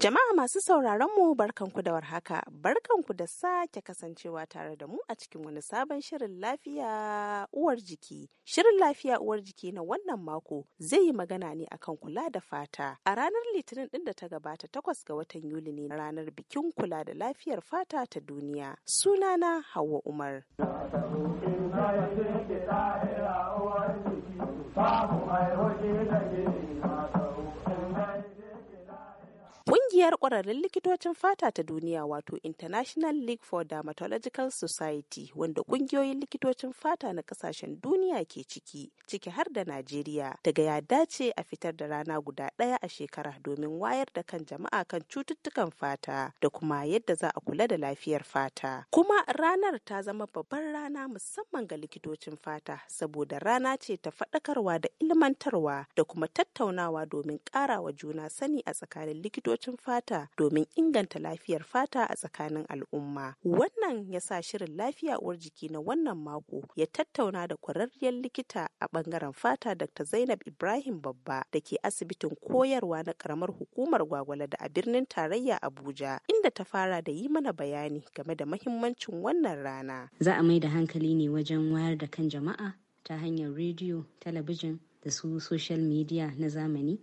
Jama'a masu sauraron mu barkanku da warhaka, barkanku da sake kasancewa tare da mu a cikin wani sabon shirin lafiya uwar jiki. Shirin lafiya uwar jiki na wannan mako zai yi magana ne akan kula da fata. A ranar Litinin ɗin da ta gabata takwas ga watan Yuli ne ranar bikin kula da lafiyar fata ta duniya. Sunana Hauwa Umar. Babu mai da kungiyar kwararrun likitocin fata ta duniya wato International League for Dermatological Society wanda ƙungiyoyin likitocin fata na ƙasashen duniya ke ciki, ciki har da Najeriya, daga ya dace a fitar da rana guda ɗaya a shekara domin wayar da kan jama'a kan cututtukan fata da kuma yadda za a kula da lafiyar fata. Kuma ranar ta zama babbar rana musamman ga likitocin fata saboda rana ce ta faɗakarwa da ilmantarwa da kuma tattaunawa domin ƙara wa juna sani a tsakanin likitocin fata. fata domin inganta lafiyar fata a tsakanin al'umma. Wannan ya sa shirin lafiya uwar jiki na wannan mako ya tattauna da kwararriyar likita a bangaren fata Dr. Zainab Ibrahim Babba da ke asibitin koyarwa na karamar hukumar Gwagwala da a birnin tarayya Abuja inda ta fara da yi mana bayani game da mahimmancin wannan rana. Za a mai da hankali ne wajen wayar da kan jama'a ta hanyar rediyo, talabijin da su social media na zamani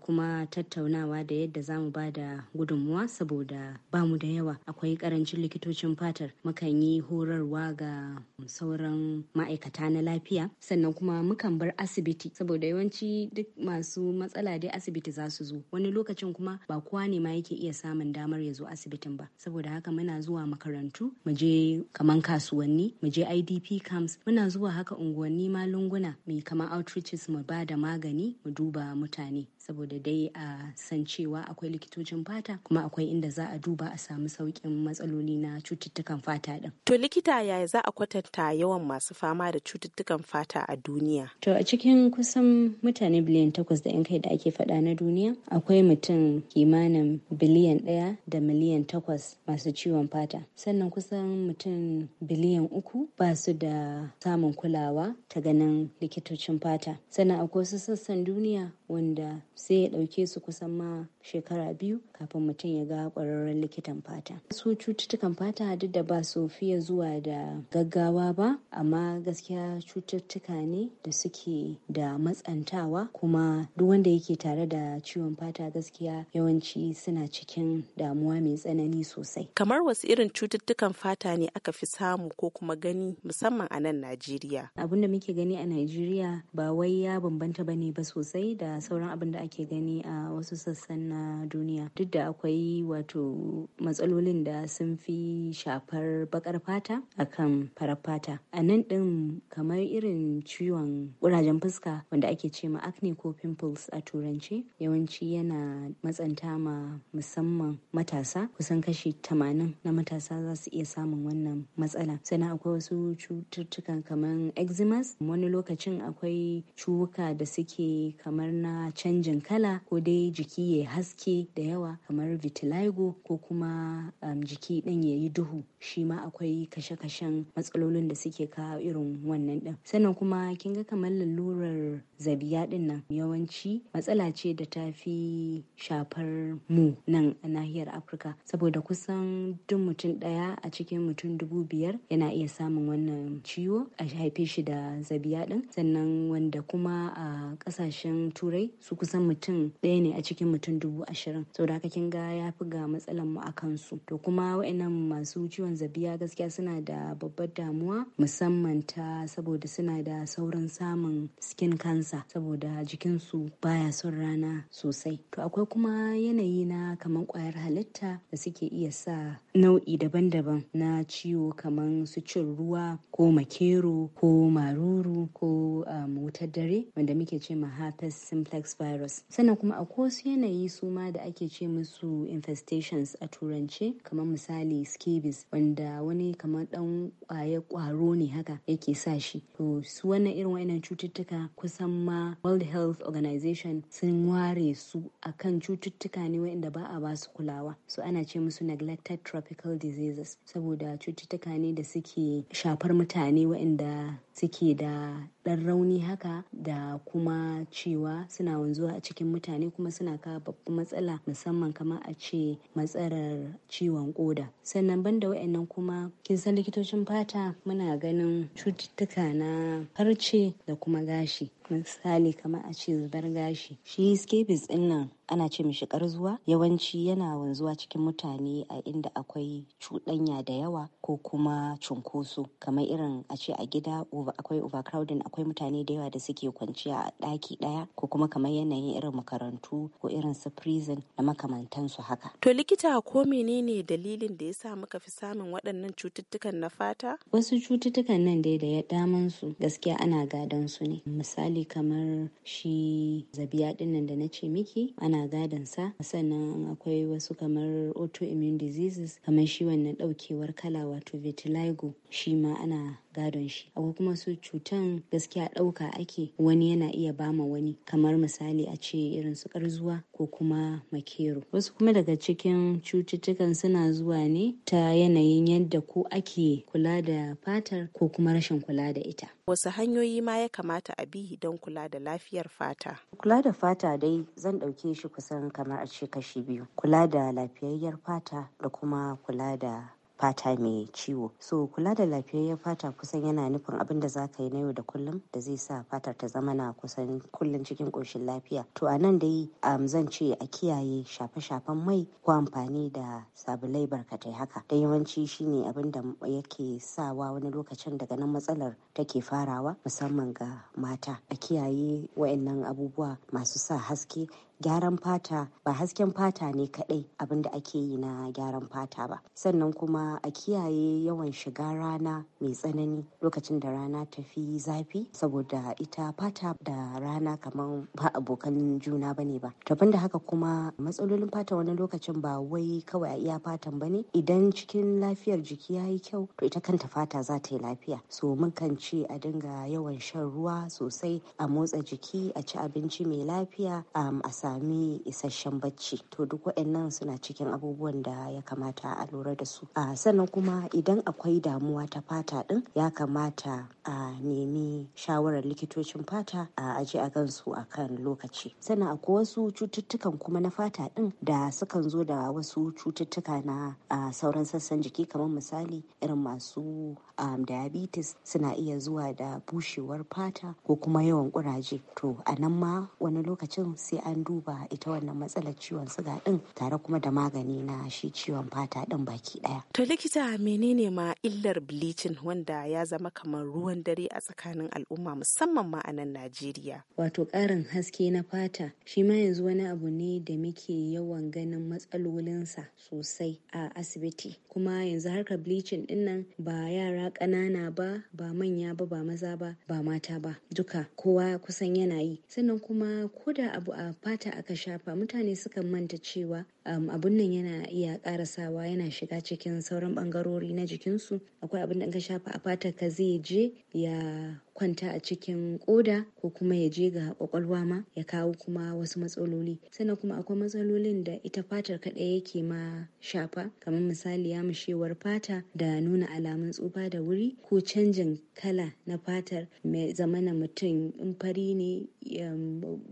kuma tattaunawa da yadda za mu ba da gudunmuwa saboda ba mu da yawa akwai karancin likitocin fatar mukan yi horarwa ga sauran ma'aikata na lafiya sannan kuma mukan bar asibiti saboda yawanci duk masu matsala dai asibiti za su zo wani lokacin kuma ba kowa ne ma yake iya samun damar ya zo asibitin ba saboda haka muna zuwa makarantu mu je kaman kasuwanni mu je idp camps muna zuwa haka unguwanni ma lunguna mai kama outreaches mu ba da magani mu duba mutane saboda dai a san cewa akwai likitocin fata kuma akwai inda za a duba a samu sauƙin matsaloli na cututtukan fata ɗin. To likita yaya za a kwatanta yawan masu fama da cututtukan fata a duniya? To a cikin kusan mutane biliyan takwas da 'yan kai da ake faɗa na duniya akwai mutum kimanin biliyan ɗaya da miliyan takwas masu ciwon fata sannan kusan mutum biliyan uku ba su da samun kulawa ta ganin likitocin fata sannan akwai sassan duniya wanda sai ya ɗauke su kusan ma shekara biyu kafin mutum ya ga ƙwararren likitan fata. Su cututtukan fata duk da ba su fiye zuwa da gaggawa ba, amma gaskiya cututtuka ne da suke da matsantawa kuma duk wanda yake tare da ciwon fata gaskiya yawanci suna cikin damuwa mai tsanani sosai. Kamar wasu irin cututtukan fata ne aka fi samu ko kuma gani musamman a nan Najeriya. Abin da muke gani a Najeriya ba wai ya bambanta ne ba sosai da sauran abin da ake gani a wasu sassan na duniya duk da akwai wato matsalolin da sun fi shafar bakar fata akan farar fata a nan din kamar irin ciwon ƙurajen fuska wanda ake ce ma acne ko pimples a turanci yawanci yana matsanta ma musamman matasa kusan kashi 80 na matasa za su iya samun wannan matsala sannan akwai wasu cututtukan kamar eczema wani lokacin akwai cuwuka da suke kamar na na canjin kala ko dai jiki ya haske da yawa kamar vitiligo ko kuma um, jiki ɗin ya yi duhu shi ma akwai kashe-kashen matsalolin da suke kawo irin wannan ɗin sannan kuma kin ga kamar lalurar zabiya ɗin nan yawanci matsala ce da ta fi shafar mu nan a nahiyar afirka saboda kusan duk mutum ɗaya a cikin mutum dubu biyar yana iya samun wannan ciwo a haife shi da zabiya ɗin sannan wanda kuma a ƙasashen turai almajirai su kusan mutum ɗaya ne a cikin mutum dubu ashirin saboda haka kin ga ya fi ga matsalan mu a kansu to kuma wa'annan masu ciwon zabiya gaskiya suna da babbar damuwa musamman ta saboda suna da saurin samun skin cancer saboda jikinsu baya son rana sosai to akwai kuma yanayi na kamar kwayar halitta da suke iya sa nau'i daban-daban na ciwo kamar su cin ruwa ko makero ko maruru ko um, wutar dare wanda muke ce ma herpes complex virus sannan kuma akwai wasu yanayi suma da ake ce musu infestations a turance kamar misali scabies wanda wani kamar dan kwaye kwaro ne haka yake sa shi to su wannan irin wa'inan cututtuka kusan ma World Health Organization sun ware su akan cututtuka ne wayanda ba a ba su kulawa so ana ce musu neglected tropical diseases saboda cututtuka ne da suke shafar mutane wa'inda suke da ɗan rauni haka da kuma cewa suna wanzuwa a cikin mutane kuma suna kawo babban matsala musamman kamar a ce matsalar ciwon koda sannan banda wa'annan kuma kin san likitocin fata muna ganin cututtuka na farce da kuma gashi misali kamar a ce zubar gashi shi scabies din nan ana ce mishi karzuwa yawanci yana wanzuwa cikin mutane a inda akwai cuɗanya da yawa ko kuma cunkoso kamar irin a ce a gida akwai overcrowding akwai mutane da yawa da suke kwanciya a ɗaki ɗaya ko kuma kamar yanayin irin makarantu ko irin su prison da makamantansu haka. To likita ko menene dalilin da ya sa muka fi samun waɗannan cututtukan na fata? Wasu cututtukan nan dai da ya daman su gaskiya ana gadon su ne misali kamar shi zabiya ɗinnan da na ce miki ana ana gadansa sannan akwai wasu kamar autoimmune diseases kamar shi wannan daukewar kala wato vitiligo shi ma ana gadon shi akwai kuma su cutan gaskiya ɗauka ake wani yana iya bama wani kamar misali a ce irin su karzuwa ko kuma makero wasu kuma daga cikin cututtukan suna zuwa ne ta yanayin yadda ko ake kula da fatar ko kuma rashin kula da ita wasu hanyoyi ma ya kamata a bi don kula da lafiyar fata kula da fata dai zan ɗauke shi kusan kamar a ce kashi biyu kula da lafiyayyar fata da kuma kula da fata mai ciwo so kula da lafiyayyar fata kusan yana nufin abin da zaka yi na yau da kullum da zai sa fatar ta zama na kusan kullum cikin ƙoshin lafiya to a nan dai zan ce a kiyaye shafe-shafen mai ko amfani da sabulai barkatai haka da yawanci shine abin da yake sawa wani lokacin daga nan matsalar take farawa musamman ga mata a kiyaye wayannan abubuwa masu sa haske gyaran fata ba hasken fata ne kaɗai abin da ake yi na gyaran fata ba sannan kuma a kiyaye yawan shiga rana mai tsanani lokacin da rana tafi zafi saboda ita fata da rana kamar ba abokan juna bane ba tafin da haka kuma matsalolin fata wani lokacin ba wai kawai a iya fatan bane idan cikin lafiyar jiki ya yi kyau to ita kanta fata za ta yi lafiya so mun kan ce a dinga yawan shan ruwa sosai a motsa jiki a ci abinci mai lafiya a sami isasshen bacci to duk waɗannan suna cikin abubuwan da ya kamata a lura da su a ah, sannan kuma idan akwai damuwa ta fata din ya kamata a nemi shawarar likitocin fata a aji a gansu a kan lokaci sannan akwai wasu cututtukan kuma na fata din da sukan zo da wasu cututtuka na sauran sassan jiki kamar misali irin masu um, diabetes suna iya zuwa da bushewar fata ko kuma yawan kuraje to a nan ma wani lokacin sai an du. duba ita wannan matsalar ciwon siga din tare kuma da magani na shi ciwon fata din baki daya. To likita menene ma illar bleaching wanda ya zama kamar ruwan dare a tsakanin al'umma musamman ma a nan Najeriya. Wato karin haske na fata shi ma yanzu wani abu ne da muke yawan ganin matsalolinsa sosai a asibiti. Kuma yanzu harka bleaching din nan ba yara ƙanana ba, ba manya ba, ba maza ba, ba mata ba. Duka kowa kusan yana yi. Sannan kuma koda abu a fata aka shafa mutane sukan manta cewa abun nan yana iya karasawa yana shiga cikin sauran bangarori na jikinsu akwai abin da in ka shafa a fatar ka zai je ya kwanta a cikin koda ko kuma ya je ga kwakwalwa ma ya kawo kuma wasu matsaloli sannan kuma akwai matsalolin da ita fatar kaɗai yake ma shafa kamar misali ya mushewar fata da nuna alamun tsufa da wuri ko canjin kala na fatar mai zamana mutum in fari ne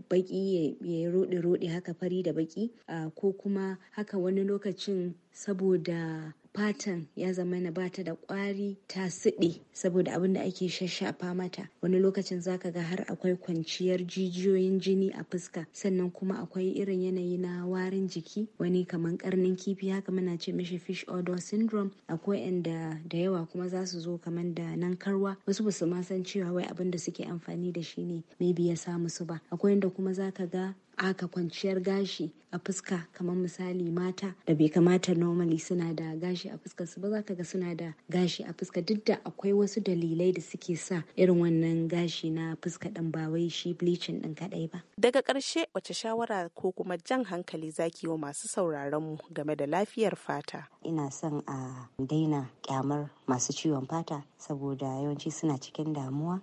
baki ya yi rode-rode haka fari da baki ko kuma haka wani lokacin saboda fatan ya zama na bata da kwari ta siɗe saboda abin da ake shashafa mata wani lokacin zaka ga har akwai kwanciyar jijiyoyin jini a fuska sannan kuma akwai irin yanayi na warin jiki wani kaman karnin kifi haka muna ce mishi fish odor syndrome akwai inda da yawa kuma za su zo kaman da nan karwa wasu basu ma san cewa wai abin da suke amfani da shi ne maybe ya sa musu ba akwai inda kuma zaka ga aka kwanciyar gashi a fuska kamar misali mata da bai kamata normally suna da gashi a fuska su ba za ka ga suna da gashi a fuska duk da akwai wasu dalilai da suke sa irin wannan gashi na fuska ɗin ba wai shi bleaching ɗin kadai ba. Daga ƙarshe wace shawara ko kuma jan hankali zaki yi wa masu sauraron mu game da lafiyar fata? Ina son a daina kyamar masu ciwon fata saboda yawanci suna cikin damuwa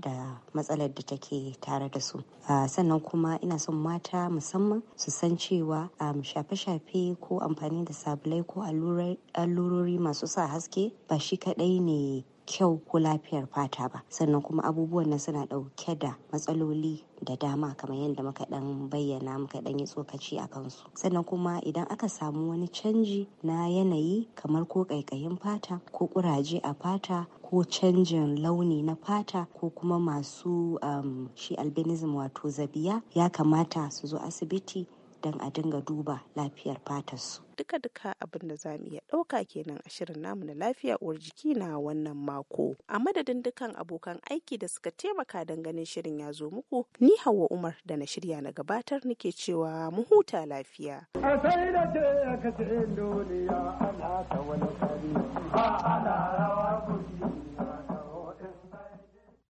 da matsalar da take tare da su sannan kuma ina son mata musamman su san cewa shafe-shafe ko amfani da sabulai ko allurori masu sa haske ba shi kadai ne kyau ko lafiyar fata ba sannan kuma abubuwan nan suna ɗauke da matsaloli da dama kamar yadda muka dan bayyana muka dan yi tsokaci a kansu sannan kuma idan aka samu wani canji na yanayi kamar ko ƙaiƙayin fata ko ƙuraje a fata ko canjin launi na fata ko kuma masu um, shi albinism wato zabiya ya kamata su zo asibiti don a dinga duba lafiyar fatarsu. duka-duka abin da za mu iya ɗauka kenan a shirin namu na lafiya uwar jiki na wannan mako. A madadin dukan abokan aiki da suka taimaka don ganin shirin ya zo muku, ni Hauwa Umar da na shirya na gabatar nake cewa mu huta lafiya. A ka ta rawa